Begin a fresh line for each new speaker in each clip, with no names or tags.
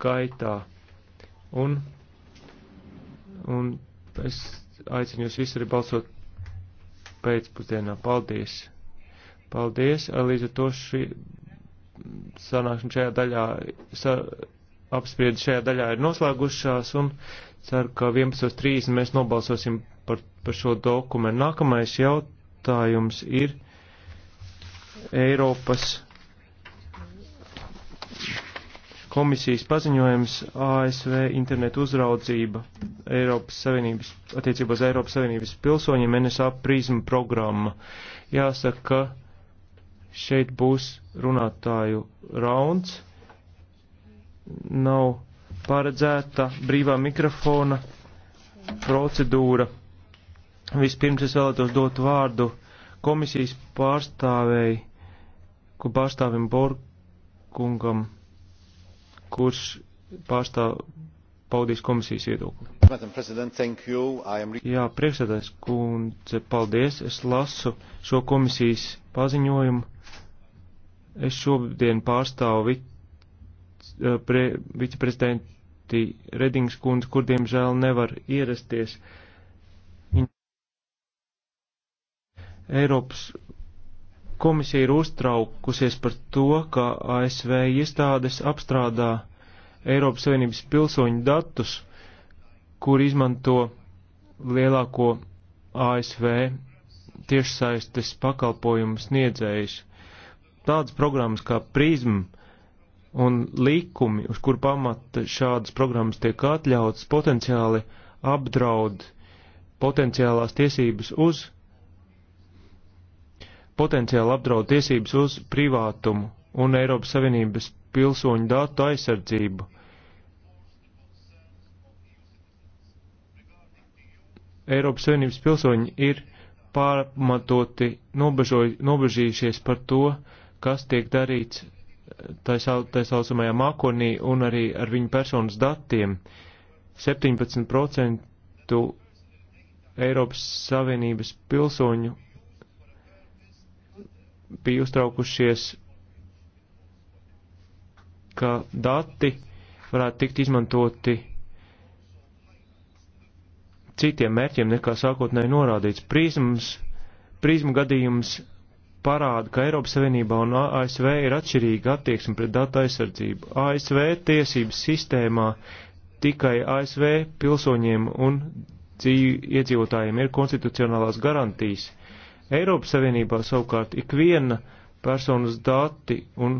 gaitā. Un, un es aicinu jūs visu arī balsot pēcpusdienā. Paldies! Paldies! Līdz ar to šī sanākšana šajā daļā, sa, apspriedi šajā daļā ir noslēgušās un ceru, ka 11.30 mēs nobalsosim par, par šo dokumentu. Nākamais jautājums ir Eiropas komisijas paziņojums ASV internetu uzraudzība Eiropas Savienības, attiecībā uz Eiropas Savienības pilsoņiem NSA prizma programma. Jāsaka, ka šeit būs runātāju rauns. Nav paredzēta brīvā mikrofona procedūra. Vispirms es vēlētos dot vārdu komisijas pārstāvēji, ko pārstāvim Borkungam kurš pārstāv paudīs komisijas viedokli. Jā, priekšsēdājs kundze, paldies. Es lasu šo komisijas paziņojumu. Es šodien pārstāvu vi, eh, pre, viceprezidenti Redings kundze, kur diemžēl nevar ierasties. Eiropas Komisija ir uztraukusies par to, ka ASV iestādes apstrādā Eiropas Savienības pilsoņu datus, kur izmanto lielāko ASV tiešsaistes pakalpojumu sniedzējus. Tādas programmas kā Prism un likumi, uz kur pamata šādas programmas tiek atļautas, potenciāli apdraud potenciālās tiesības uz potenciāli apdraud tiesības uz privātumu un Eiropas Savienības pilsoņu datu aizsardzību. Eiropas Savienības pilsoņi ir pārmatoti nobežoj, nobežījušies par to, kas tiek darīts tā saucamajā mākonī un arī ar viņu personas datiem. 17% Eiropas Savienības pilsoņu bija uztraukušies, ka dati varētu tikt izmantoti citiem mērķiem nekā sākotnēji norādīts. Prīzmas, prīzmu gadījums parāda, ka Eiropas Savienībā un ASV ir atšķirīga attieksme pret datu aizsardzību. ASV tiesības sistēmā tikai ASV pilsoņiem un dzīvi iedzīvotājiem ir konstitucionālās garantijas. Eiropas Savienībā savukārt ikviena personas dati un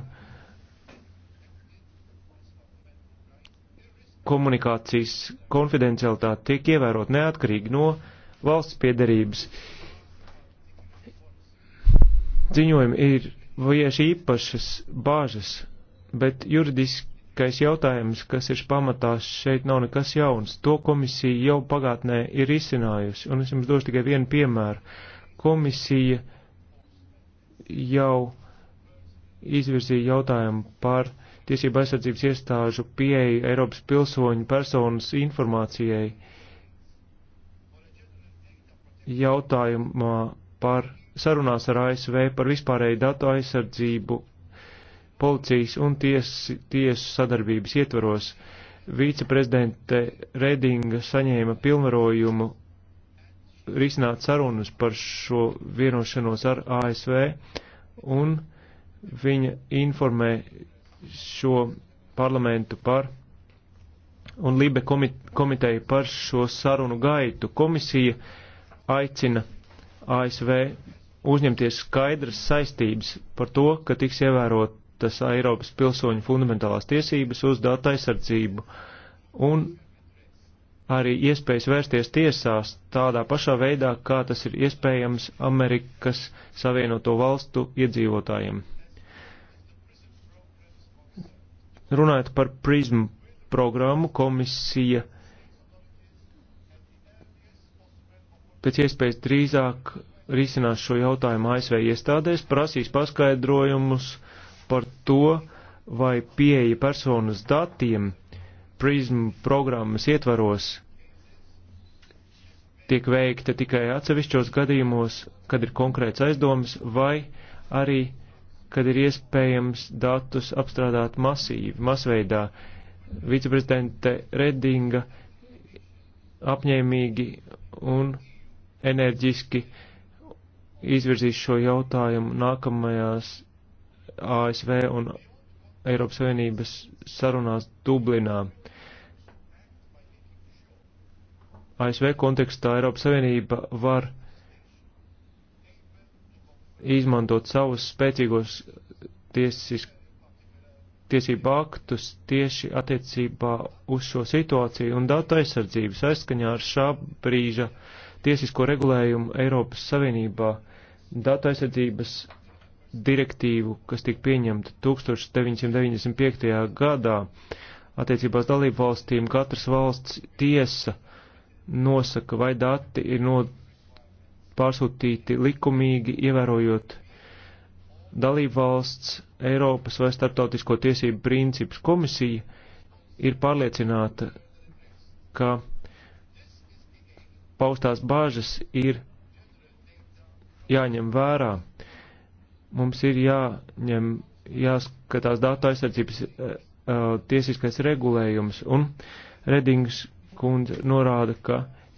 komunikācijas konfidencialitāte tiek ievērot neatkarīgi no valsts piedarības. Ziņojumi ir vieši īpašas bāžas, bet juridiskais jautājums, kas ir pamatās, šeit nav nekas jauns. To komisija jau pagātnē ir izcinājusi, un es jums došu tikai vienu piemēru Komisija jau izvirzīja jautājumu par tiesību aizsardzības iestāžu pieeju Eiropas pilsoņu personas informācijai jautājumā par sarunās ar ASV par vispārēju datu aizsardzību policijas un tiesu, tiesu sadarbības ietvaros. Viceprezidente Redinga saņēma pilnvarojumu risināt sarunas par šo vienošanos ar ASV, un viņa informē šo parlamentu par un Libe komiteju par šo sarunu gaitu. Komisija aicina ASV uzņemties skaidras saistības par to, ka tiks ievērotas Eiropas pilsoņu fundamentālās tiesības uz datu aizsardzību un arī iespējas vērsties tiesās tādā pašā veidā, kā tas ir iespējams Amerikas Savienoto valstu iedzīvotājiem. Runājot par prizmu programmu, komisija pēc iespējas drīzāk risinās šo jautājumu ASV iestādēs, prasīs paskaidrojumus par to, vai pieeja personas datiem prizmu programmas ietvaros tiek veikta tikai atsevišķos gadījumos, kad ir konkrēts aizdomas, vai arī, kad ir iespējams datus apstrādāt masīvi, masveidā. Viceprezidente Redinga apņēmīgi un enerģiski izvirzīs šo jautājumu nākamajās ASV un Eiropas Savienības sarunās Dublinā. ASV kontekstā Eiropas Savienība var izmantot savus spēcīgos tiesis, tiesību aktus tieši attiecībā uz šo situāciju un datu aizsardzības aizskaņā ar šā brīža tiesisko regulējumu Eiropas Savienībā datu aizsardzības direktīvu, kas tika pieņemta 1995. gadā. Attiecībās dalību valstīm katras valsts tiesa uh, nosaka, vai dati ir no pārsūtīti likumīgi, ievērojot dalību valsts, Eiropas vai starptautisko tiesību principus. Komisija ir pārliecināta, ka paustās bāžas ir jāņem vērā. Mums ir jāņem, jāskatās datu aizsardzības uh, tiesiskais regulējums un Redings kundze norāda, ka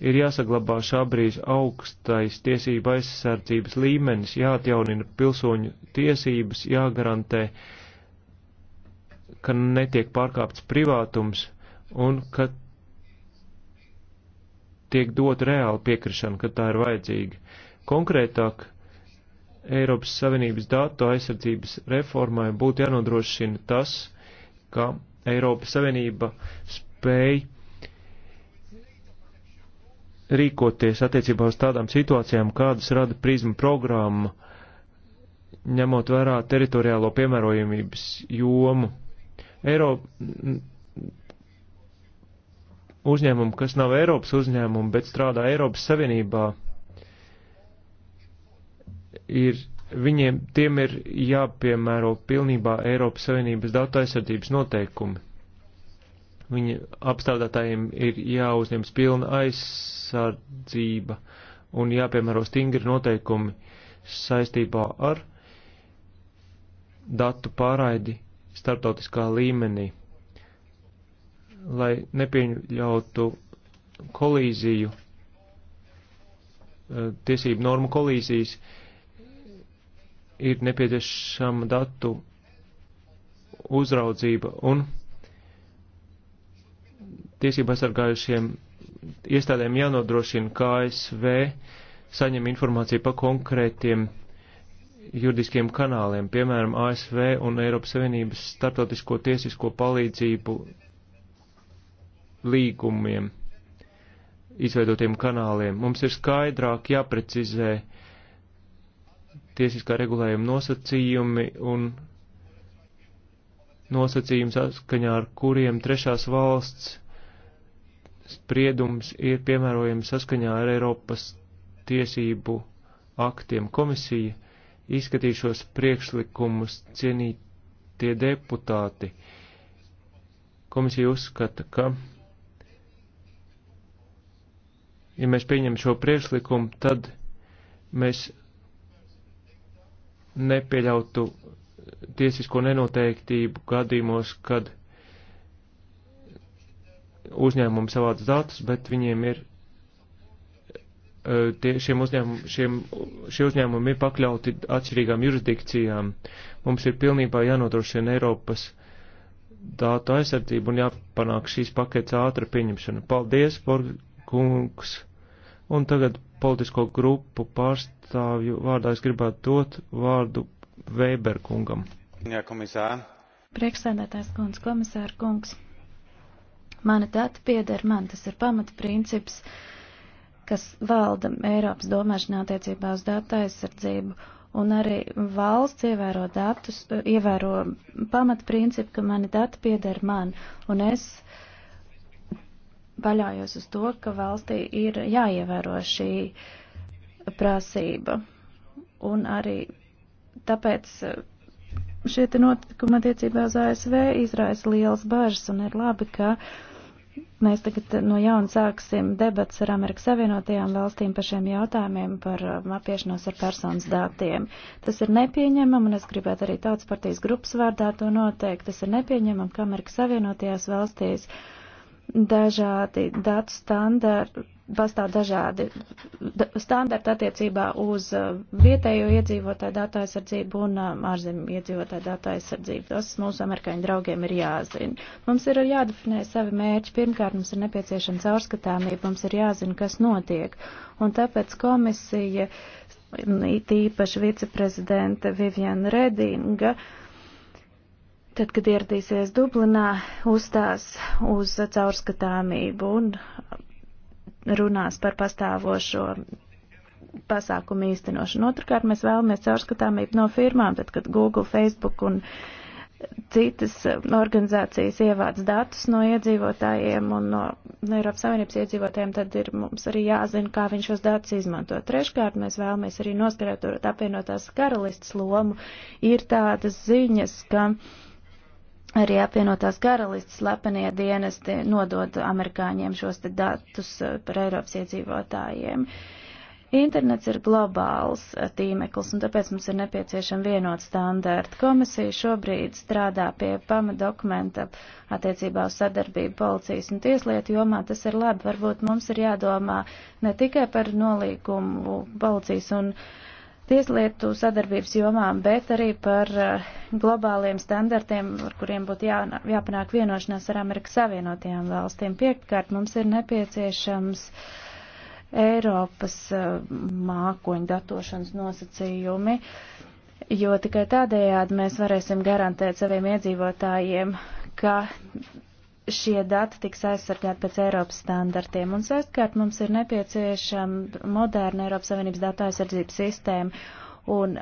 ir jāsaglabā šā brīža augstais tiesība aizsardzības līmenis, jāatjaunina pilsoņu tiesības, jāgarantē, ka netiek pārkāpts privātums un ka tiek dot reāla piekrišana, ka tā ir vajadzīga. Konkrētāk, Eiropas Savienības datu aizsardzības reformai būtu jānodrošina tas, ka Eiropas Savienība spēj rīkoties attiecībā uz tādām situācijām, kādas rada prizma programma, ņemot vērā teritoriālo piemērojumības jomu. Eiropa uzņēmumu, kas nav Eiropas uzņēmumu, bet strādā Eiropas Savienībā, ir, viņiem, tiem ir jāpiemēro pilnībā Eiropas Savienības datu aizsardzības noteikumi. Viņa apstādātājiem ir jāuzņems pilna aizsardzība un jāpiemēro stingri noteikumi saistībā ar datu pārraidi starptautiskā līmenī, lai nepieļautu kolīziju, eh, tiesību normu kolīzijas, ir nepieciešama datu uzraudzība un tiesību aizsargājušiem iestādēm jānodrošina, kā ASV saņem informāciju pa konkrētiem juridiskiem kanāliem, piemēram, ASV un Eiropas Savienības startautisko tiesisko palīdzību līgumiem, izveidotiem kanāliem. Mums ir skaidrāk jāprecizē tiesiskā regulējuma nosacījumi un nosacījums atskaņā ar kuriem trešās valsts spriedums ir piemērojams saskaņā ar Eiropas tiesību aktiem. Komisija izskatīšos priekšlikumus cienītie deputāti. Komisija uzskata, ka, ja mēs pieņem šo priekšlikumu, tad mēs nepieļautu tiesisko nenoteiktību gadījumos, kad uzņēmumi savāc datus, bet viņiem ir, e, tie, šiem uzņēmumi, šiem, šie uzņēmumi ir pakļauti atšķirīgām jurisdikcijām. Mums ir pilnībā jānodrošina Eiropas datu aizsardzību un jāpanāk šīs paketes ātra pieņemšana. Paldies, Borgungs! Un tagad politisko grupu pārstāvju vārdā es gribētu dot vārdu Weberkungam.
Jā, komisār.
Priekšsēdētājs kundz, komisāra kungs. Mani dati pieder man, tas ir pamatprincips, kas valda Eiropas domāšanā attiecībā uz datu aizsardzību. Un arī valsts ievēro datus, ievēro pamatprincipu, ka mani dati pieder man. Un es paļaujos uz to, ka valstī ir jāievēro šī prasība. Un arī tāpēc šie te notikumi attiecībā uz ASV izraisa liels bažas un ir labi, ka mēs tagad no jauna sāksim debats ar Amerikas Savienotajām valstīm par šiem jautājumiem par um, apiešanos ar personas datiem. Tas ir nepieņemam, un es gribētu arī tautas partijas grupas vārdā to noteikt. Tas ir nepieņemam, ka Amerikas Savienotajās valstīs dažādi datu standarti pastāv dažādi standarti attiecībā uz uh, vietējo iedzīvotāju datu aizsardzību un uh, ārzemju iedzīvotāju datu aizsardzību. Tas mūsu amerikāņu draugiem ir jāzina. Mums ir jādefinē savi mērķi. Pirmkārt, mums ir nepieciešama caurskatāmība, mums ir jāzina, kas notiek. Un tāpēc komisija, tīpaši viceprezidenta Viviana Redinga, tad, kad ieradīsies Dublinā, uzstās uz caurskatāmību un runās par pastāvošo pasākumu īstenošanu. Otrkārt, mēs vēlamies caurskatāmību no firmām, tad, kad Google, Facebook un citas organizācijas ievāc datus no iedzīvotājiem un no Eiropas Savienības iedzīvotājiem, tad ir mums arī jāzina, kā viņš šos datus izmanto. Treškārt, mēs vēlamies arī noskaidrot apvienotās karalistas lomu. Ir tādas ziņas, ka. Uh, arī apvienotās karalists slepenie dienesti nodod amerikāņiem šos te datus eh, par Eiropas iedzīvotājiem. Internets ir globāls eh, tīmeklis, un tāpēc mums ir nepieciešama vienot standārti. Komisija šobrīd strādā pie pamadokumenta attiecībā uz sadarbību policijas un tieslietu jomā. Tas ir labi. Varbūt mums ir jādomā ne tikai par nolīgumu policijas un uh, tieslietu sadarbības jomām, bet arī par eh, globāliem standartiem, ar kuriem būtu jā, jāpanāk vienošanās ar Amerikas Savienotajām valstīm. Piektkārt, mums ir nepieciešams Eiropas eh, mākoņu datošanas nosacījumi, jo tikai tādējādi mēs varēsim garantēt saviem iedzīvotājiem, ka šie dati tiks aizsargāti pēc Eiropas standartiem. Un sestkārt mums ir nepieciešama moderna Eiropas Savienības datu aizsardzības sistēma. Un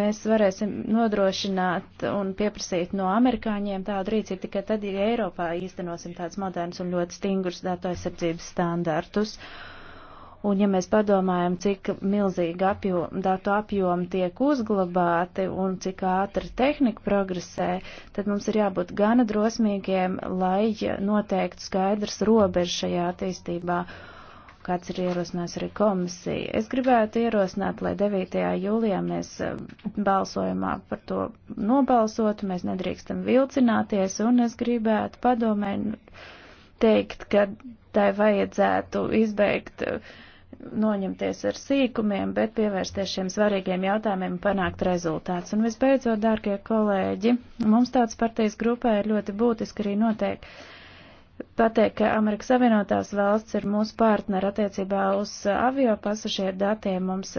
mēs varēsim nodrošināt un pieprasīt no amerikāņiem tādu rīcību tikai tad, ja Eiropā īstenosim tāds moderns un ļoti stingrus datu aizsardzības standartus. Uh, Un ja mēs padomājam, cik milzīgi apjom, datu apjomi tiek uzglabāti un cik ātri tehnika progresē, tad mums ir jābūt gana drosmīgiem, lai noteiktu skaidrs robežu šajā attīstībā, kāds ir ierosinājis arī komisija. Es gribētu ierosināt, lai 9. jūlijā mēs eh, balsojumā par to nobalsotu, mēs nedrīkstam vilcināties, un es gribētu padomē teikt, ka tai vajadzētu izbeigt uh, noņemties ar sīkumiem, bet pievērsties šiem svarīgiem jautājumiem un panākt rezultāts. Un visbeidzot, dārgie kolēģi, mums tāds partijas grupē ir ļoti būtiski arī noteikti pateikt, ka Amerikas Savienotās valsts ir mūsu partneri attiecībā uz avio pasažieru datiem. Mums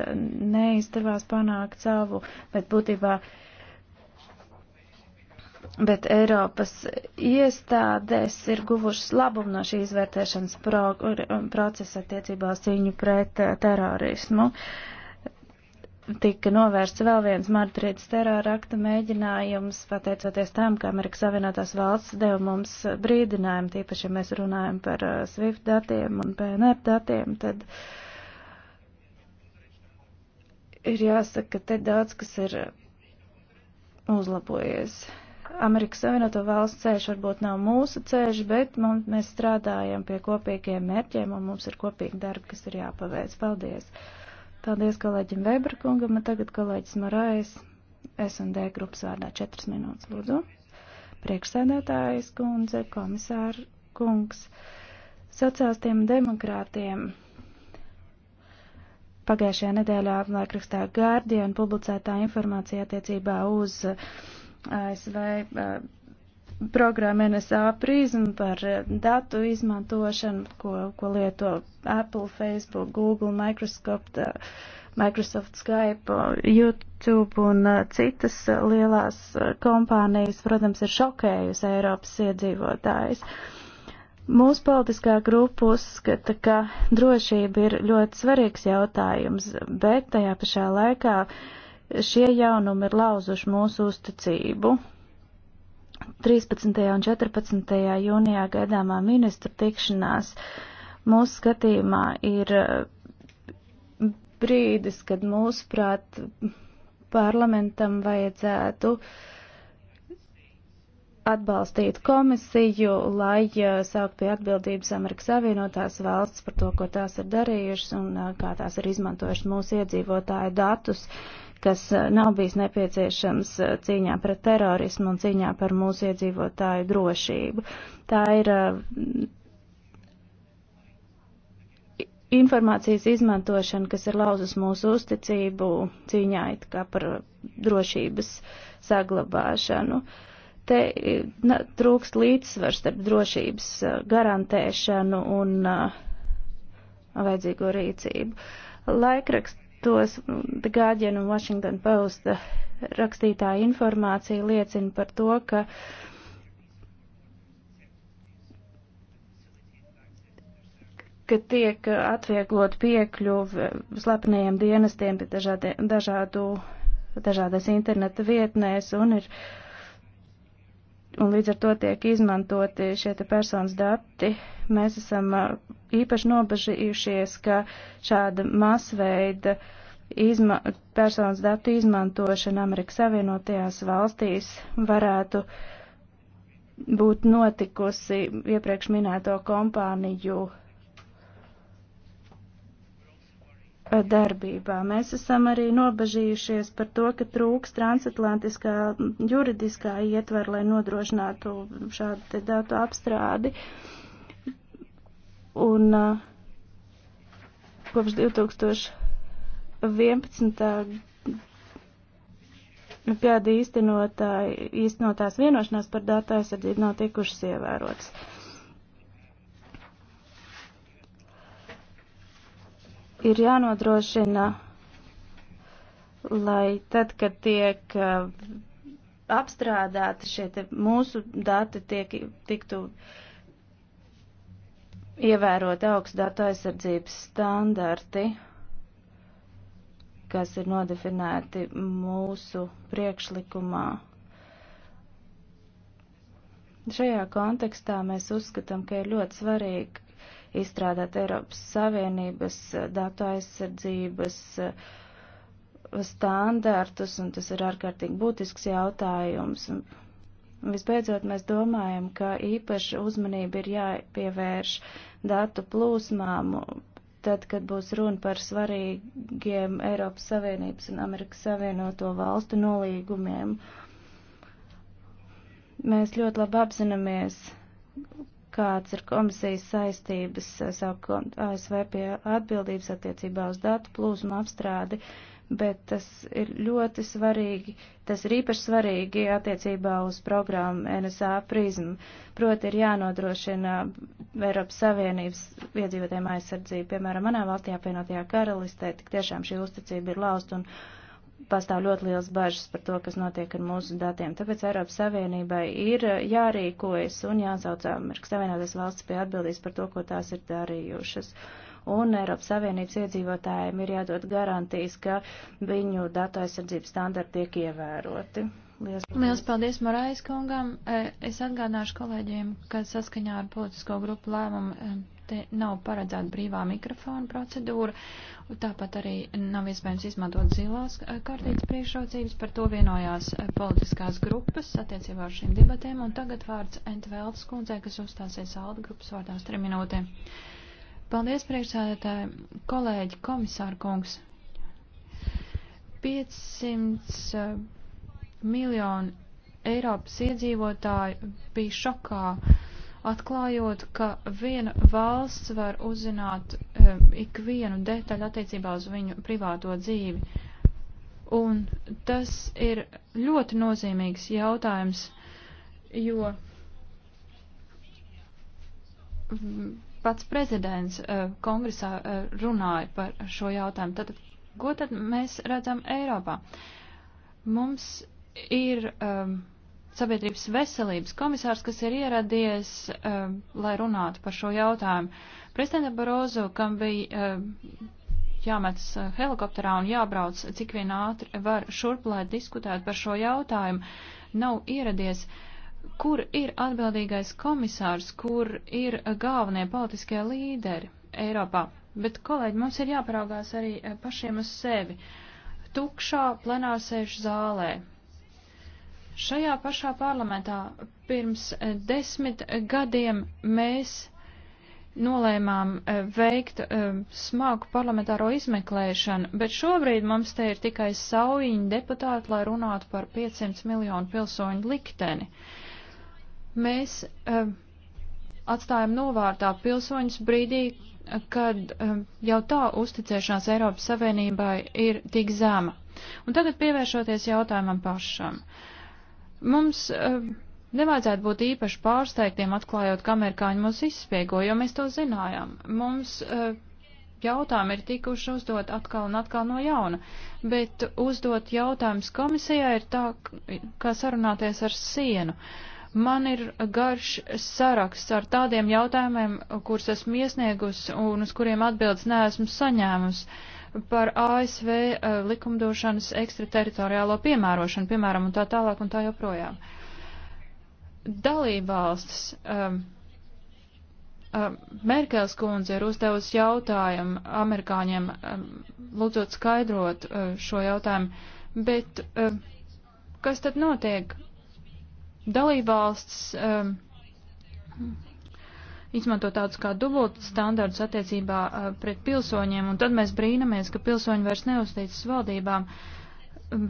neizdevās panākt savu, bet būtībā. Uh, bet Eiropas iestādēs ir guvušas labumu no šī izvērtēšanas pro, um, procesa attiecībā uz cīņu pret uh, terorismu. Tika novērsts vēl viens Madrides terora akta mēģinājums, pateicoties tam, ka Amerikas Savienotās valsts deva mums brīdinājumu, tīpaši, ja mēs runājam par uh, SWIFT datiem un PNR datiem, tad ir jāsaka, ka te daudz kas ir uh, uzlabojies. Amerikas Savienoto valstu ceļš varbūt nav mūsu ceļš, bet mums, mēs strādājam pie kopīgiem mērķiem un mums ir kopīgi darbi, kas ir jāpaveic. Paldies! Paldies kolēģim Weberkungam, un tagad kolēģis Marais, S&D grupas vārdā 4 minūtes, lūdzu. Priekšsēdētājas kundze, komisāra kungs, sociālistiem demokrātiem. Pagājušajā nedēļā laikrakstā Guardian publicētā informācija attiecībā uz uh, ASV programma NSA prizma par e, datu izmantošanu, ko, ko lieto Apple, Facebook, Google, Microsoft, e, Microsoft Skype, YouTube un e, citas lielās kompānijas, protams, ir šokējusi Eiropas iedzīvotājs. Mūsu politiskā grupa uzskata, ka drošība ir ļoti svarīgs jautājums, bet tajā pašā laikā uh, Šie jaunumi ir lauzuši mūsu uzticību. 13. un 14. jūnijā gaidāmā ministra tikšanās mūsu skatījumā ir mm, brīdis, kad mūsuprāt parlamentam vajadzētu atbalstīt komisiju, lai saukt pie atbildības Amerikas Savienotās valsts par to, ko tās ir darījušas un kā tās ir izmantojušas mūsu iedzīvotāju datus. Uh, kas eh, nav bijis nepieciešams eh, cīņā pret terorismu un cīņā par mūsu iedzīvotāju drošību. Tā ir eh, informācijas izmantošana, kas ir lauzus mūsu uzticību cīņā it kā par drošības saglabāšanu. Te na, trūkst līdzsvars starp drošības garantēšanu un uh, vajadzīgo rīcību. Laikraksts tos The Guardian un Washington Post rakstītā informācija liecina par to, ka ka tiek atvieglot piekļuvi slepenajiem dienestiem dažādi, dažādu, dažādās interneta vietnēs un ir uh, un līdz ar to tiek izmantoti šie te personas dati. Mēs esam īpaši nobežījušies, ka šāda masveida izma personas datu izmantošana Amerikas Savienotajās valstīs varētu būt notikusi iepriekš minēto kompāniju darbībā. Mēs esam arī nobežījušies par to, ka trūks transatlantiskā juridiskā ietvera, lai nodrošinātu šādu datu apstrādi. Un uh, kopš 2011. gada īstenotā, īstenotās vienošanās par datu aizsardzību nav tikušas ievērotas. Uh, ir jānodrošina, lai tad, kad tiek uh, apstrādāti šie mūsu dati, tiek, tiktu ievērot augstu datu aizsardzības standarti, kas ir nodefinēti mūsu priekšlikumā. Šajā kontekstā mēs uzskatām, ka ir ļoti svarīgi, izstrādāt Eiropas Savienības eh, datu aizsardzības eh, standartus, un tas ir ārkārtīgi būtisks jautājums. Un visbeidzot, mēs domājam, ka īpaši uzmanība ir jāpievērš datu plūsmām, tad, kad būs runa par svarīgiem Eiropas Savienības un Amerikas Savienoto valstu nolīgumiem. Mēs ļoti labi apzināmies, kāds ir komisijas saistības eh, savu ASV pie atbildības attiecībā uz datu plūsmu apstrādi, bet tas ir ļoti svarīgi, tas ir īpaši svarīgi attiecībā uz programmu NSA prizmu. Proti ir jānodrošina Eiropas Savienības iedzīvotājiem aizsardzību. Piemēram, manā valstī apvienotajā karalistē tik tiešām šī uzticība ir laust un pastāv ļoti liels bažas par to, kas notiek ar mūsu datiem. Tāpēc Eiropas Savienībai ir eh, jārīkojas un jāsauc Amerikas um, Savienotās valsts pie atbildības par to, ko tās ir darījušas. Un Eiropas Savienības iedzīvotājiem ir jādod garantijas, ka viņu datu aizsardzības standarti tiek ievēroti. Lielas paldies, Lielas
paldies Marais kungam. Eh, es atgādināšu kolēģiem, ka saskaņā ar politisko grupu lēmumu eh, te nav paredzēta brīvā mikrofona procedūra, tāpat arī nav iespējams izmantot zilās eh, kartītes priekšrocības, par to vienojās eh, politiskās grupas attiecībā ar šīm debatēm, un tagad vārds Entveltas kundzē, kas uzstāsies Alda grupas vārdās trim minūtēm. Paldies, priekšsēdētāji, kolēģi, komisārkungs. 500 eh, miljonu Eiropas iedzīvotāji bija šokā atklājot, ka viena valsts var uzzināt eh, ikvienu detaļu attiecībā uz viņu privāto dzīvi. Un tas ir ļoti nozīmīgs jautājums, jo pats prezidents eh, kongresā eh, runāja par šo jautājumu. Tad, ko tad mēs redzam Eiropā? Mums ir um, sabiedrības veselības komisārs, kas ir ieradies, uh, lai runātu par šo jautājumu. Prezidenta Barozu, kam bija um, uh, jāmec helikopterā un jābrauc cik vien ātri var šurp, lai diskutētu par šo jautājumu, nav ieradies. Kur ir atbildīgais komisārs, kur ir galvenie politiskie līderi Eiropā? Bet, kolēģi, mums ir jāparaugās arī uh, pašiem uz sevi. Tukšā plenārsēžu zālē Šajā pašā parlamentā pirms eh, desmit gadiem mēs nolēmām eh, veikt eh, smagu parlamentāro izmeklēšanu, bet šobrīd mums te ir tikai saujiņi deputāti, lai runātu par 500 miljonu pilsoņu likteni. Mēs atstājam novārtā pilsoņus brīdī, kad jau tā uzticēšanās Eiropas Savienībai ir tik zema. Un tagad pievēršoties jautājumam pašam. Uh, Mums uh, nevajadzētu būt īpaši pārsteigtiem atklājot, ka amerikāņi mūs izspiego, jo mēs to zinājām. Mums uh, jautājumi ir tikuši uzdot atkal un atkal no jauna, bet uzdot jautājumus komisijā ir tā, kā sarunāties ar sienu. Man ir garš saraksts ar tādiem jautājumiem, kurus esmu iesniegusi un uz kuriem atbildes neesmu saņēmusi. Uh, par ASV eh, likumdošanas ekstrateritoriālo piemērošanu, piemēram, un tā tālāk un tā joprojām. Dalībvalstis. Um, Merkels kundze ir uzdevusi jautājumu amerikāņiem, lūdzot skaidrot šo jautājumu, bet kas tad notiek? Dalībvalsts izmanto tādus kā dubultus standartus attiecībā uh, pret pilsoņiem, un tad mēs brīnamies, ka pilsoņi vairs neusticas valdībām,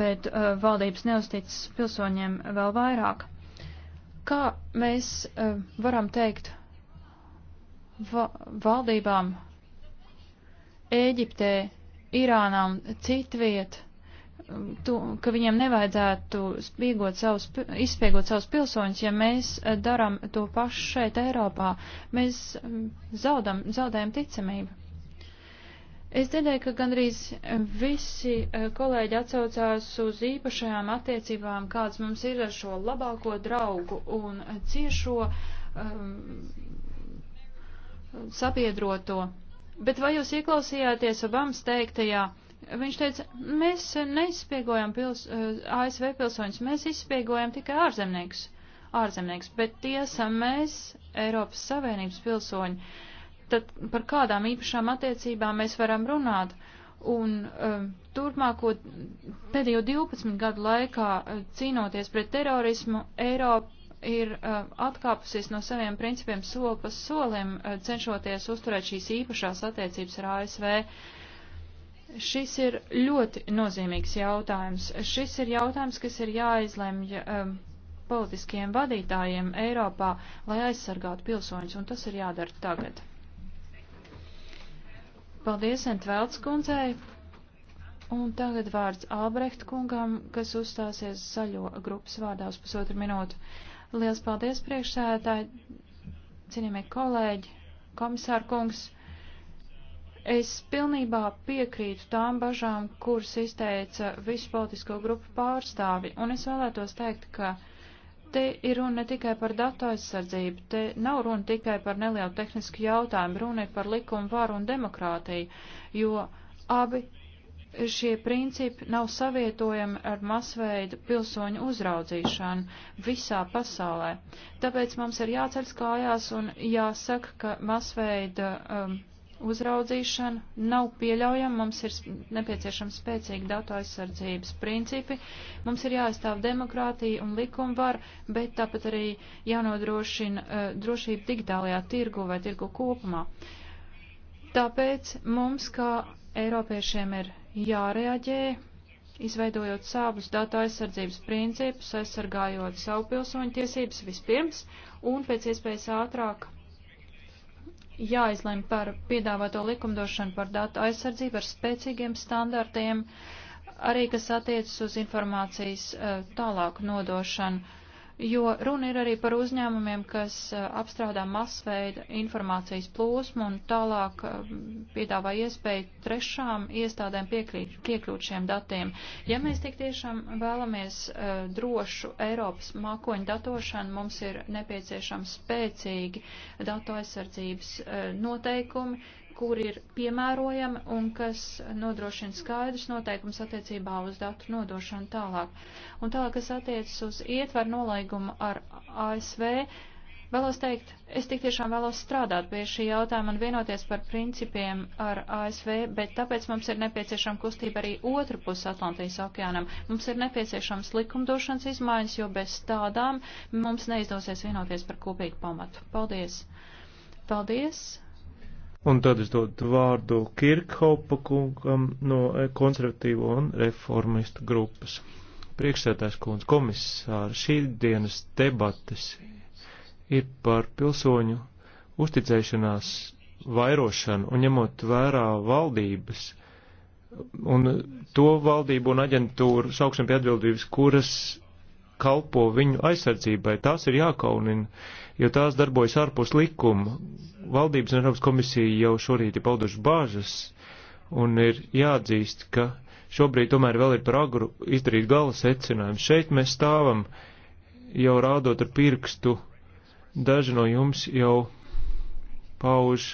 bet uh, valdības neusticas pilsoņiem vēl vairāk. Kā mēs uh, varam teikt va valdībām Ēģiptē, Irānā un citviet? Um, to, ka viņiem nevajadzētu spiegot savus, izspiegot savus pilsoņus, ja mēs uh, darām to pašu šeit Eiropā. Mēs um, zaudam, zaudējam ticamību. Es dzirdēju, ka gandrīz um, visi uh, kolēģi atsaucās uz īpašajām attiecībām, kāds mums ir ar šo labāko draugu un ciešo um, sabiedroto. Bet vai jūs ieklausījāties Obamas teiktajā? Ja Viņš teica, mēs neizspiegojam pils, eh, ASV pilsoņus, mēs izspiegojam tikai ārzemniekus, ārzemniekus, bet tiesa mēs, Eiropas Savienības pilsoņi, tad par kādām īpašām attiecībām mēs varam runāt. Un um, turpmāko pēdējo 12 gadu laikā eh, cīnoties pret terorismu, Eiropa ir uh, atkāpusies no saviem principiem soli pa solim, uh, cenšoties uzturēt šīs īpašās attiecības ar ASV. Uh, Šis ir ļoti nozīmīgs jautājums. Šis ir jautājums, kas ir jāizlemj um, politiskiem vadītājiem Eiropā, lai aizsargātu pilsoņus, un tas ir jādara tagad. Paldies, Entvelts kundzei. Un tagad vārds Albrecht kungam, kas uzstāsies zaļo grupas vārdā uz pusotru minūtu. Liels paldies priekšsēdētāji, cienījamie kolēģi, komisāra kungs. Es pilnībā piekrītu tām bažām, kuras izteica visu politisko grupu pārstāvi, un es vēlētos teikt, ka te ir runa ne tikai par datu aizsardzību, te nav runa tikai par nelielu tehnisku jautājumu, runa ir par likumu varu un demokrātiju, jo abi šie principi nav savietojami ar masveidu pilsoņu uzraudzīšanu visā pasaulē. Tāpēc mums ir jāceļ kājās un jāsaka, ka masveida. Um, uzraudzīšana nav pieļaujama, mums ir nepieciešams spēcīgi datu aizsardzības principi, mums ir jāaizstāv demokrātija un likumvara, bet tāpat arī jānodrošina uh, drošība digitālajā tirgu vai tirgu kopumā. Tāpēc mums, kā Eiropiešiem, ir jārēģē, izveidojot savus datu aizsardzības principus, aizsargājot savu pilsoņu tiesības vispirms un pēc iespējas ātrāk jāizlem par piedāvāto likumdošanu par datu aizsardzību ar spēcīgiem standartiem, arī kas attiecas uz informācijas eh, tālāku nodošanu jo runa ir arī par uzņēmumiem, kas eh, apstrādā masveida informācijas plūsmu un tālāk eh, piedāvā iespēju trešām iestādēm piekrīt, piekļūt šiem datiem. Ja mēs tik tiešām vēlamies eh, drošu Eiropas mākoņu datošanu, mums ir nepieciešams spēcīgi datu aizsardzības noteikumi, kur ir piemērojami un kas nodrošina skaidrs noteikums attiecībā uz datu nodošanu tālāk. Un tālāk, kas attiecas uz ietvaru nolaigumu ar ASV, vēlos teikt, es tik tiešām vēlos strādāt pie šī jautājuma un vienoties par principiem ar ASV, bet tāpēc mums ir nepieciešama kustība arī otru pusi Atlantijas okeānam. Mums ir nepieciešams likumdošanas izmaiņas, jo bez tādām mums neizdosies vienoties par kopīgu pamatu. Paldies! Paldies!
Un tad es dodu vārdu Kirkhopa kungam no e, konservatīvo un reformistu grupas. Priekšsētājs kundz komisāri, šī dienas debates ir par pilsoņu uzticēšanās vairošanu un ņemot vērā valdības un to valdību un aģentūru saukšanu pie atbildības, kuras kalpo viņu aizsardzībai. Tās ir jākaunina jo tās darbojas ārpus likuma. Valdības un Eiropas komisija jau šorīt ir pauduši bāžas un ir jāatzīst, ka šobrīd tomēr vēl ir par agru izdarīt gala secinājumu. Šeit mēs stāvam jau rādot ar pirkstu, daži no jums jau pauž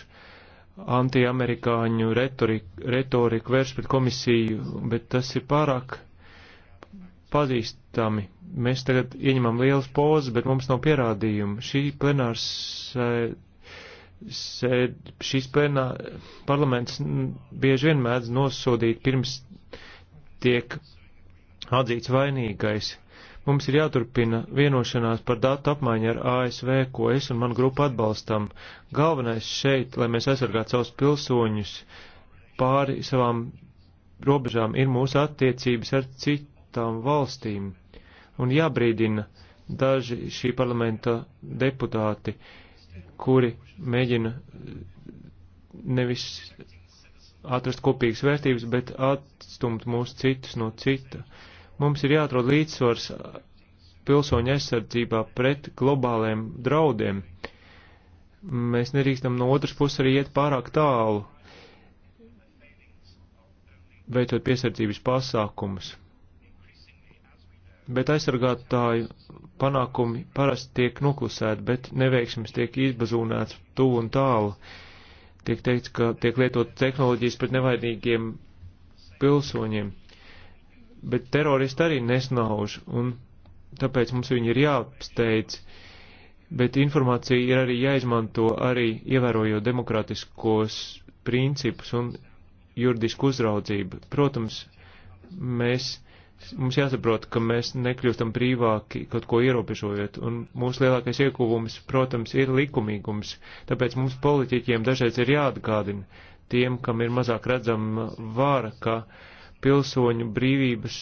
antiamerikāņu retoriku, retoriku vērš pret komisiju, bet tas ir pārāk pazīst, neapšaubāmi. Mēs tagad ieņemam lielas pozas, bet mums nav pierādījumu. Šī plenārs, eh, šīs plenā, parlaments bieži vien mēdz nosodīt pirms tiek atzīts vainīgais. Mums ir jāturpina vienošanās par datu apmaiņu ar ASV, ko es un man grupa atbalstam. Galvenais šeit, lai mēs aizsargātu savus pilsoņus pāri savām robežām, ir mūsu attiecības ar citām valstīm un jābrīdina daži šī parlamenta deputāti, kuri mēģina eh, nevis atrast kopīgas vērtības, bet atstumt mūs citus no cita. Mums ir jāatrod līdzsvars pilsoņu aizsardzībā pret globāliem draudiem. Mēs nedrīkstam no otras puses arī iet pārāk tālu, veicot piesardzības pasākumus bet aizsargātāju panākumi parasti tiek noklusēti, bet neveiksmes tiek izbazūnēts tuvu un tālu. Tiek teikts, ka tiek lietot tehnoloģijas pret nevainīgiem pilsoņiem, bet teroristi arī nesnauž, un tāpēc mums viņi ir jāapsteidz, bet informācija ir arī jāizmanto arī ievērojot demokrātiskos principus un juridisku uzraudzību. Protams, mēs Mums jāsaprot, ka mēs nekļūstam brīvāki, kaut ko ierobežojot, un mūsu lielākais ieguvums, protams, ir likumīgums, tāpēc mums politiķiem dažreiz ir jāatgādina tiem, kam ir mazāk redzama vāra, ka pilsoņu brīvības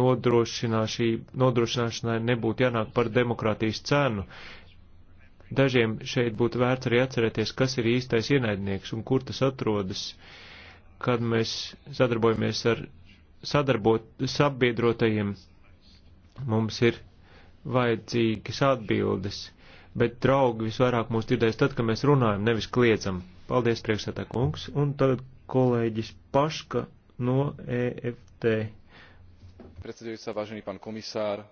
nodrošināšanai nebūtu jānāk par demokrātijas cenu. Dažiem šeit būtu vērts arī atcerēties, kas ir īstais ienaidnieks un kur tas atrodas, kad mēs sadarbojamies ar sadarbot, sabiedrotajiem mums ir vajadzīgas atbildes, bet draugi visvairāk mūs dzirdēs tad, kad mēs runājam, nevis kliedzam. Paldies, priekšsētā kungs, un tad kolēģis Paška no EFT.
Predsedujúca, vážený pán komisār,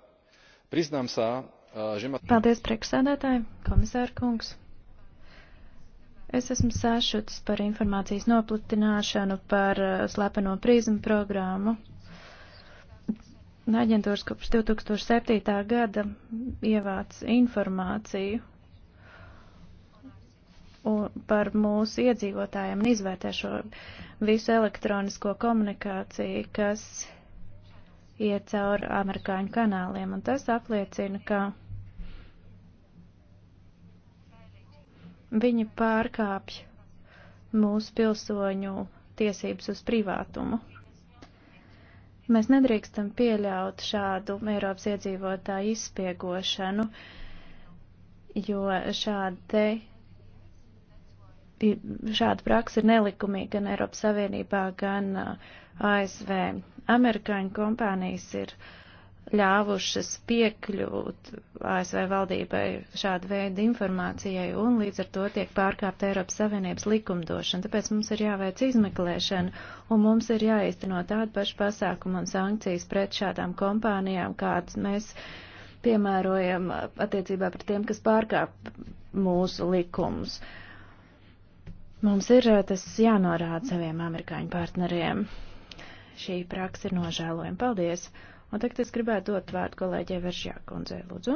priznám sa, eh, že ma... Paldies, priekšsēdētāji, komisāra kungs. Es esmu sašuts par informācijas noplatināšanu par eh, slepeno prizmu programmu. Aģentūras kopš 2007. gada ievāc informāciju par mūsu iedzīvotājiem un izvērtē šo visu elektronisko komunikāciju, kas iet cauri amerikāņu kanāliem. Un tas apliecina, ka Viņi pārkāpj mūsu pilsoņu tiesības uz privātumu. Mēs nedrīkstam pieļaut šādu Eiropas iedzīvotāju izspiegošanu, jo šāda te šāda praksa ir nelikumīga gan Eiropas Savienībā, gan ASV. Amerikāņu kompānijas ir ļāvušas piekļūt ASV valdībai šādu veidu informācijai un līdz ar to tiek pārkāpta Eiropas Savienības likumdošana. Tāpēc mums ir jāveic izmeklēšana un mums ir jāizteno tādu pašu pasākumu un sankcijas pret šādām kompānijām, kādas mēs piemērojam attiecībā pret tiem, kas pārkāp mūsu likumus. Mums ir eh, tas jānorāda saviem amerikāņu partneriem. Šī praksa ir nožēlojama. Paldies! Un tagad es gribētu dot vārdu kolēģei Veržjā kundzei, lūdzu.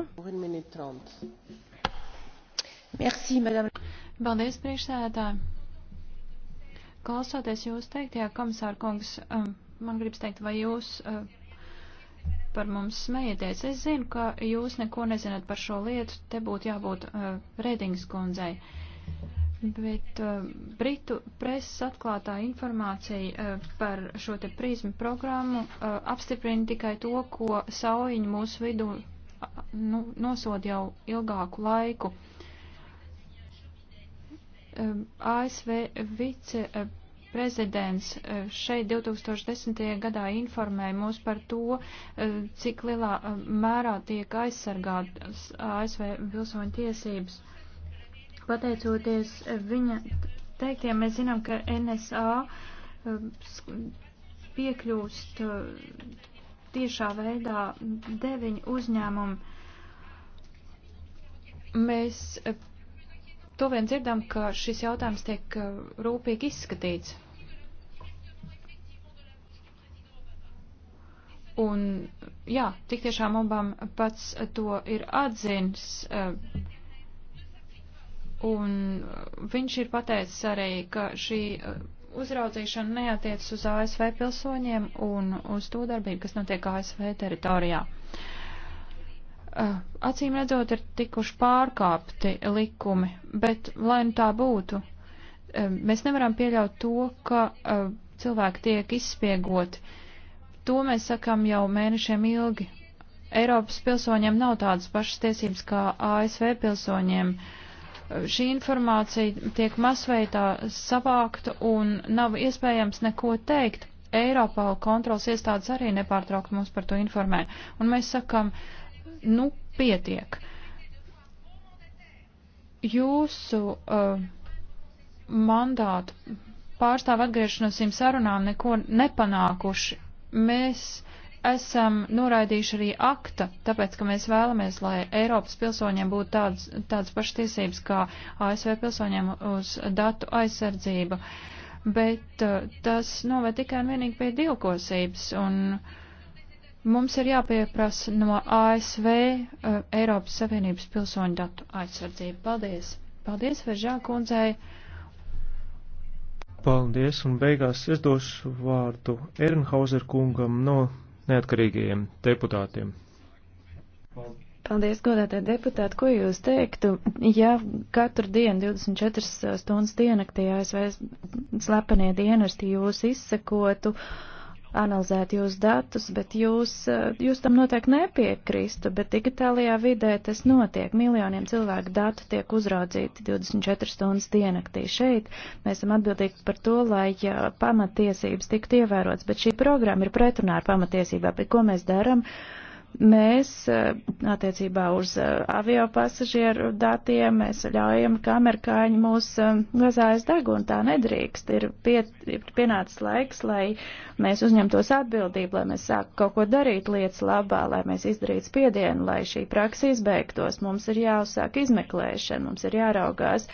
Merci,
madame. Paldies, priekšsēdētāji. Klausoties jūs teiktajā, komisāra kungs, um, man gribas teikt, vai jūs uh, par mums smējieties? Es zinu, ka jūs neko nezināt par šo lietu, te būtu jābūt uh, Redings kundzei. Bet uh, Britu preses atklātā informācija uh, par šo te prizmu programmu uh, apstiprina tikai to, ko saujiņi mūsu vidū uh, nu, nosod jau ilgāku laiku. Uh, um, ASV vice uh, prezidents uh, šeit 2010. gadā informēja mūs par to, uh, cik lielā uh, mērā tiek aizsargātas ASV pilsoņu tiesības. Uh, pateicoties viņa teiktiem, mēs zinām, ka NSA um, piekļūst uh, tiešā veidā deviņu uzņēmumu. Mēs uh, to vien dzirdam, ka šis jautājums tiek uh, rūpīgi izskatīts. Un jā, tik tiešām Obama pats to ir atzinis. Uh, Un viņš ir pateicis arī, ka šī uh, uzraudzīšana neatiec uz ASV pilsoņiem un uz to darbību, kas notiek ASV teritorijā. Uh, acīm redzot, ir tikuši pārkāpti likumi, bet, lai nu tā būtu, uh, mēs nevaram pieļaut to, ka cilvēki tiek izspiegoti. To mēs sakam jau mēnešiem ilgi. Eiropas pilsoņiem nav tādas pašas tiesības kā ASV pilsoņiem. Uh, šī informācija tiek masveidā savākta un nav iespējams neko teikt. Eiropā kontrols iestādes arī nepārtraukt mums par to informē. Un mēs sakam, nu, pietiek. Jūsu uh, mandātu pārstāv atgriešanos šīm sarunām neko nepanākuši. Mēs esam noraidījuši arī akta, tāpēc, ka mēs vēlamies, lai Eiropas pilsoņiem būtu tādas, tādas pašas tiesības kā ASV pilsoņiem uz datu aizsardzību, bet eh, tas noved tikai un vienīgi pie divkosības, un mums ir jāpieprasa no ASV eh, Eiropas Savienības pilsoņu datu aizsardzību. Paldies! Paldies, Veržā kundzei!
Paldies, un beigās es došu vārdu Ernhauser kungam no neatkarīgajiem deputātiem.
Paldies, godātie deputāti. Ko jūs teiktu, ja katru dienu 24 stundas diennaktī ASV slepenie dienesti jūs izsekotu? Uh, analizēt jūsu datus, bet jūs, eh, jūs tam noteikti nepiekristu, bet digitālajā vidē tas notiek. Miljoniem cilvēku datu tiek uzraudzīti 24 stundas dienaktī. Šeit mēs esam atbildīgi par to, lai pamatiesības tiktu ievērots, bet šī programma ir pretrunā ar pamatiesībā, bet ko mēs daram? Uh, mēs eh, attiecībā uz eh, avio pasažieru datiem, mēs ļaujam, ka amerikāņi mūs gazājas eh, degunu, tā nedrīkst. Ir, pie, ir pienācis laiks, lai mēs uzņemtos atbildību, lai mēs sāktu kaut ko darīt lietas labā, lai mēs izdarītu spiedienu, lai šī praksa izbeigtos. Mums ir jāuzsāk izmeklēšana, mums ir jāraugās,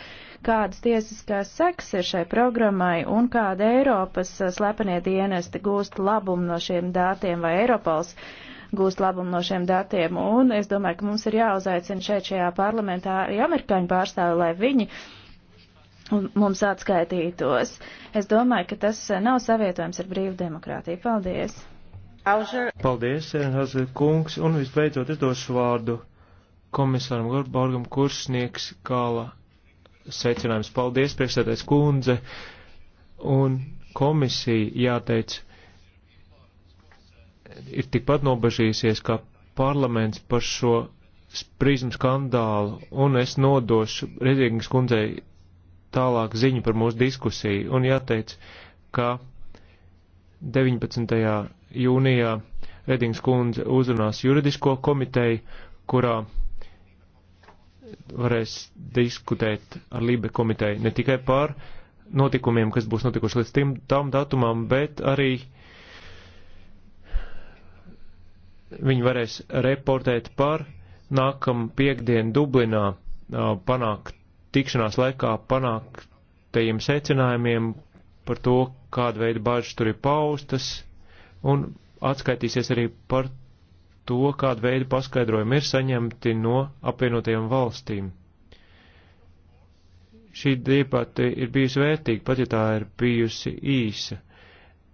kādas tiesiskās seks ir šai programmai un kāda Eiropas slepenie dienesti gūst labumu no šiem datiem vai Eiropals gūst labumu no šiem datiem. Un es domāju, ka mums ir jāuzaicina šeit šajā parlamentā arī amerikāņu pārstāvi, lai viņi mums atskaitītos. Es domāju, ka tas nav savietojams ar brīvu demokrātiju. Paldies!
Paldies, Erhaz kungs, un visbeidzot es došu vārdu komisāram Gorborgam, kurš sniegs kāla secinājums. Paldies, priekšsēdētais kundze, un komisija jāteic ir tikpat nobažījusies kā parlaments par šo sprīzmu skandālu, un es nodošu Redzīgas kundzei tālāk ziņu par mūsu diskusiju, un jāteic, ka 19. jūnijā Redzīgas kundze uzrunās juridisko komiteju, kurā varēs diskutēt ar Lībe komiteju ne tikai par notikumiem, kas būs notikuši līdz tim, tam datumam, bet arī uh, viņi varēs reportēt par nākamu piekdienu Dublinā panākt tikšanās laikā panāktajiem secinājumiem par to, kāda veida bažas tur ir paustas, un atskaitīsies arī par to, kāda veida paskaidrojumi ir saņemti no apvienotajām valstīm. Šī debata ir bijusi vērtīga, pat ja tā ir bijusi īsa.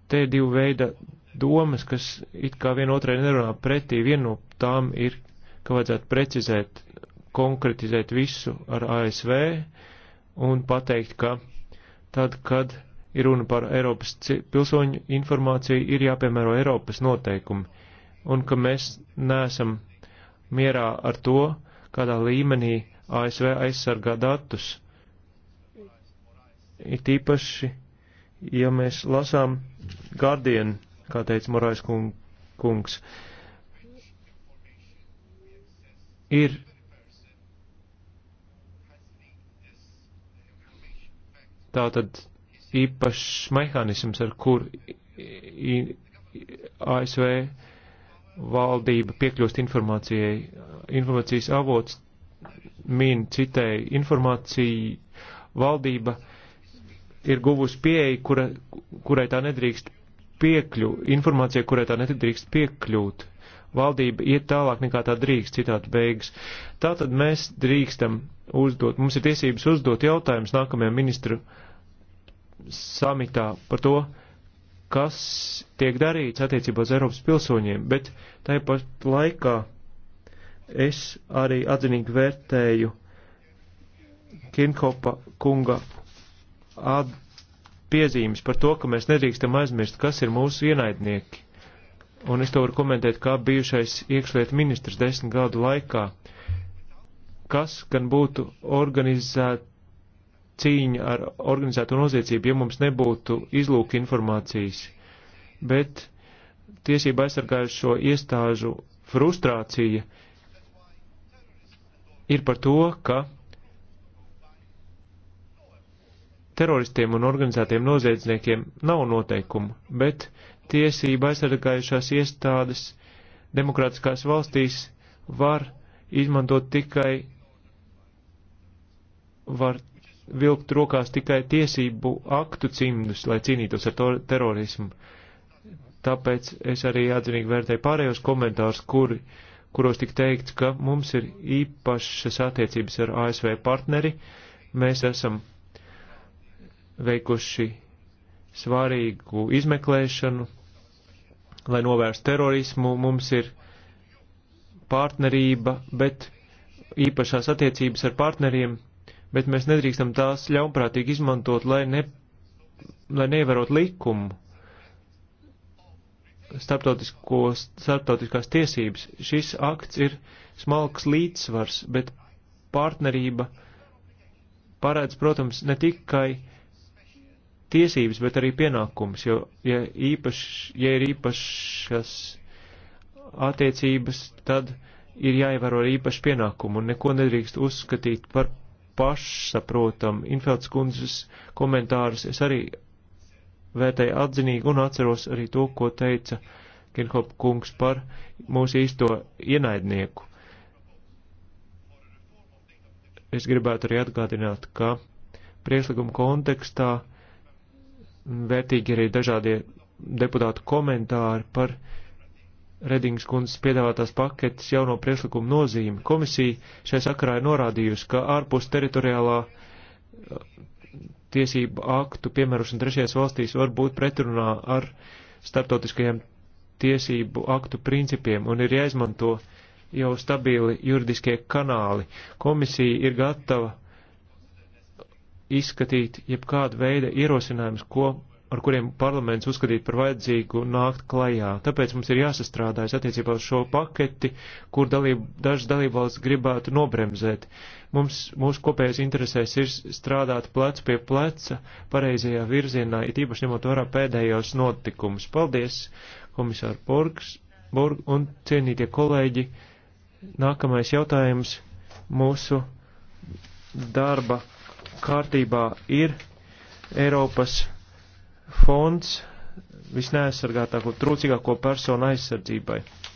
Te ir divi veidi domas, kas it kā vienotrai nerunā pretī, viena no tām ir, ka vajadzētu precizēt, konkretizēt visu ar ASV un pateikt, ka tad, kad ir runa par Eiropas pilsoņu informāciju, ir jāpiemēro Eiropas noteikumi, un ka mēs neesam mierā ar to, kādā līmenī ASV aizsargā datus. It īpaši, ja mēs lasām Guardian kā teica Morais kungs, ir tātad īpašs mehānisms, ar kur ASV valdība piekļūst informācijai. Informācijas avots min citēji informācija valdība ir guvusi pieeja, kura, kurai tā nedrīkst piekļu informācijai, kurai tā netidrīkst piekļūt. Valdība iet tālāk nekā tā drīkst, citādi beigas. Tātad mēs drīkstam uzdot, mums ir tiesības uzdot jautājumus nākamajam ministru samitā par to, kas tiek darīts attiecībā uz Eiropas pilsoņiem, bet tāpat laikā es arī atzinīgi vērtēju Kinkopa kunga at piezīmes par to, ka mēs nedrīkstam aizmirst, kas ir mūsu ienaidnieki. Un es to varu komentēt kā bijušais iekšlietu ministrs desmit gadu laikā. Kas gan būtu organizēta cīņa ar organizēto noziedzību, ja mums nebūtu izlūka informācijas? Bet tiesība aizsargājušo iestāžu frustrācija ir par to, ka teroristiem un organizētiem noziedzniekiem nav noteikumu, bet tiesība aizsargājušās iestādes demokrātiskās valstīs var izmantot tikai, var vilkt rokās tikai tiesību aktu cimdus, lai cīnītos ar to, terorismu. Tāpēc es arī atzinīgi vērtēju pārējos komentārus, kuri, kuros tik teikts, ka mums ir īpašas attiecības ar ASV partneri, mēs esam veikuši svarīgu izmeklēšanu, lai novērstu terorismu. Mums ir partnerība, bet īpašās attiecības ar partneriem, bet mēs nedrīkstam tās ļaunprātīgi izmantot, lai, ne, lai neievarot likumu starptautiskās tiesības. Šis akts ir smalks līdzsvars, bet partnerība paredz, protams, ne tikai tiesības, bet arī pienākumus, jo, ja, īpaši, ja ir īpašas attiecības, tad ir jāievēro arī īpaši pienākumu un neko nedrīkst uzskatīt par pašsaprotam. Infelds kundzes komentārus es arī vērtēju atzinīgi un atceros arī to, ko teica Kirhop kungs par mūsu īsto ienaidnieku. Es gribētu arī atgādināt, ka priekšlikuma kontekstā vērtīgi arī dažādie deputātu komentāri par Redings kundzes piedāvātās paketes jauno priekšlikumu nozīmi. Komisija šai sakarā ir norādījusi, ka ārpus teritoriālā eh, tiesību aktu piemērošana trešajās valstīs var būt pretrunā ar starptautiskajiem tiesību aktu principiem un ir jāizmanto jau stabili juridiskie kanāli. Komisija ir gatava izskatīt jebkādu veidu ierosinājumus, ko, ar kuriem parlaments uzskatīt par vajadzīgu nākt klajā. Tāpēc mums ir jāsastrādājas attiecībā uz šo paketi, kur dalību, dažas dalībvalsts gribētu nobremzēt. Mums, mūsu kopējais interesēs ir strādāt plec pie pleca pareizajā virzienā, it īpaši ņemot vērā pēdējos notikumus. Paldies, komisāri Borgs, Borg un cienītie kolēģi. Nākamais jautājums mūsu darba kārtībā ir Eiropas fonds visneaizsargātāko, trūcīgāko personu aizsardzībai.